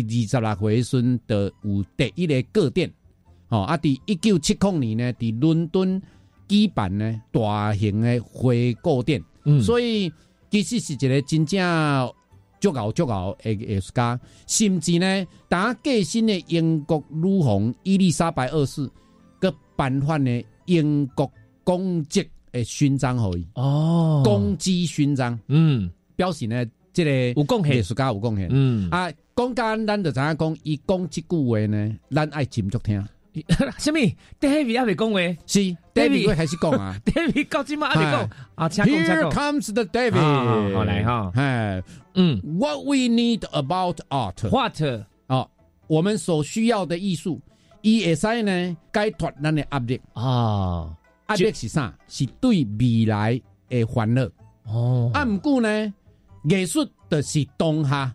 二十六歲巡都有第一個個展，哦，啊！喺一九七五年呢，喺倫敦舉辦呢大型的回顧展，嗯、所以其實是一個真正足敖足敖的藝術家，甚至呢打過身的英國女皇伊麗莎白二世，佢頒發的英國功績的勳章可以，哦，功績勳章，嗯，表示呢即個藝術家,有貢獻，藝術家有貢獻，嗯，啊。講簡單就怎樣講，伊講這句話呢？咱要專注聽。什麼？David 阿未講話？是 David 開始講啊，David 到今嘛還沒講？阿你講，Here comes the David。好嚟哈。唉，嗯，What we need about art？What？哦，我們所需要的藝術，伊會使呢，解脫咱的壓力啊壓力是啥？是對未來嘅歡樂。哦，啊毋過呢？藝術就是當下。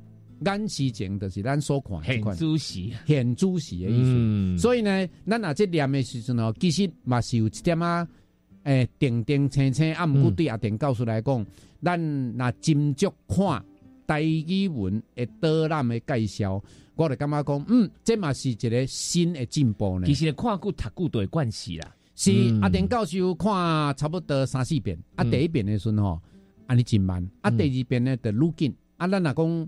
眼事情就是咱所看，現諸事，現諸事嘅意思。嗯嗯、所以呢，咱若即念嘅時候呢，其實嘛是有一點啊，誒，定定清清。啊毋過對阿田教授來講，咱若斟酌看台語文嘅導覽嘅介紹，我就感覺講，嗯，即嘛是一個新嘅進步呢。其實看過讀古對關係啦，嗯、是阿田教授看差不多三四遍，啊，第一遍嘅時候，阿、嗯啊、你真慢，啊，第二遍呢就錄緊，啊，咱若講。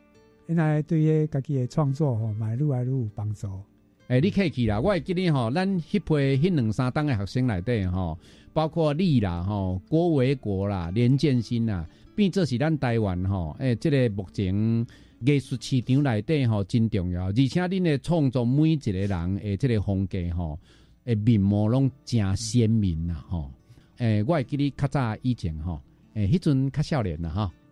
現在對家己嘅創作吼，嘛愈來愈有幫助。哎、欸，你客氣啦，我係記得吼、哦，咱迄批迄兩三檔嘅學生裏底吼、哦，包括你啦吼，郭、喔、維國，國啦、連建新啦，變作是咱台灣吼、喔，哎、欸，即、這個目前藝術市場裏底吼、喔、真重要，而且恁嘅創作每一個人誒，即個風格吼、喔，誒，面貌攏真鮮明啦吼，誒、欸，我係記得較早以前吼，誒、欸，迄陣較少年啦哈。喔。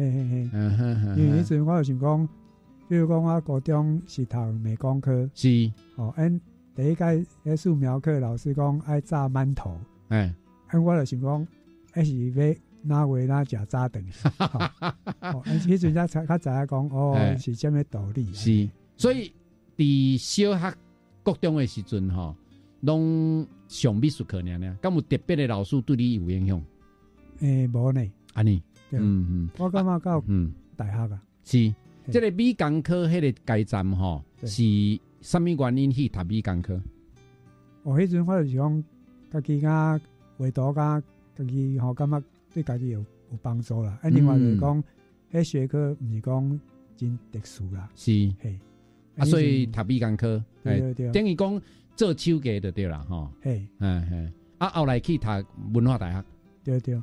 嗯。誒誒，因為以前我就想講，比如講我高中是讀美工科，是哦，因第一屆素描課老師講愛炸饅頭，欸、嗯我就想講，是要拿位拉食炸蛋，哦，因陣才才知道講，哦，是真係道理，是，是嗯、所以喺小學高中嘅時陣，哈，攏上美術課，咁有特別嘅老師對你有影響，誒、欸，冇呢，安尼、啊。嗯嗯，我感覺到嗯。大學啊，是，即個美工科，迄個階段吼。是，啥物原因去讀美工科？我迄陣我就講家己啊，為到家，家己好感覺對家己有有幫助啦。誒，另外就講，啲學科唔係講真特殊啦，係，啊，所以讀美工科，誒，等於講做手藝就對啦，嗬，係係，啊，後來去讀文化大學，對對。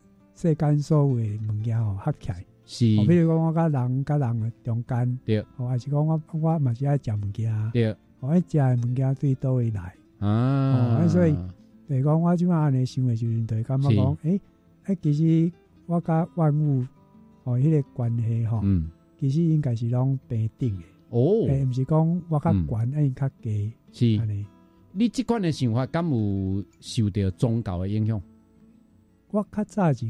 世間所有物件哦，合起來，是比如講我甲人甲人中間，還是講我我嘛係愛食物件，我食嘅物件最多會嚟啊，所以，對講我點樣諗嘅思維，就對感覺講，誒，其實我甲萬物哦，呢個關係哈，其實應該是攏平等嘅，哦，唔是講我甲關係，佢嘅，是，你你這款嘅想法，敢有受到宗教嘅影響？我較早是。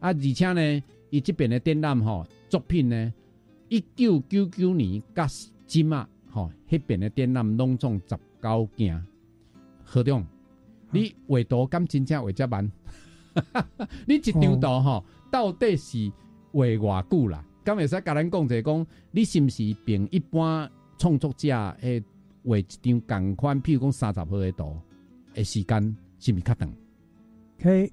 啊，而且呢，伊即邊的展覽吼，作品呢，一九九九年甲今啊，吼迄邊的展覽攏總十九件。何忠，你畫圖咁真正畫遮慢，你一張圖吼，到底是畫外久啦？咁會使甲咱講者講，你是不是憑一般創作者誒畫一張共款，譬如講三十號嘅圖，嘅時間是唔是較長？K。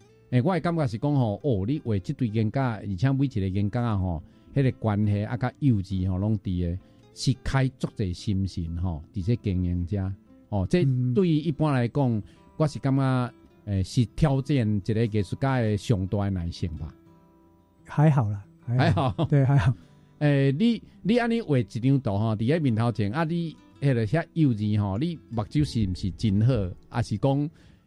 誒、欸，我係感覺是講吼，哦，你畫即對銀角，而且每一個銀角啊，嗬、喔，佢、那、哋、個、關係啊、喔，加幼稚，吼，攏佇誒是開作者心神，吼、喔，佇即經營者，吼、喔，即對於一般來講，我是感覺，誒、欸，是挑戰一個藝術家誒上大誒耐性吧。還好啦，還好，還好對，還好。誒、欸，你你安尼畫一張圖，吼、喔，佇誒面頭前，啊，你，迄個遐幼稚，吼、喔，你目睭是毋是真好，還是講？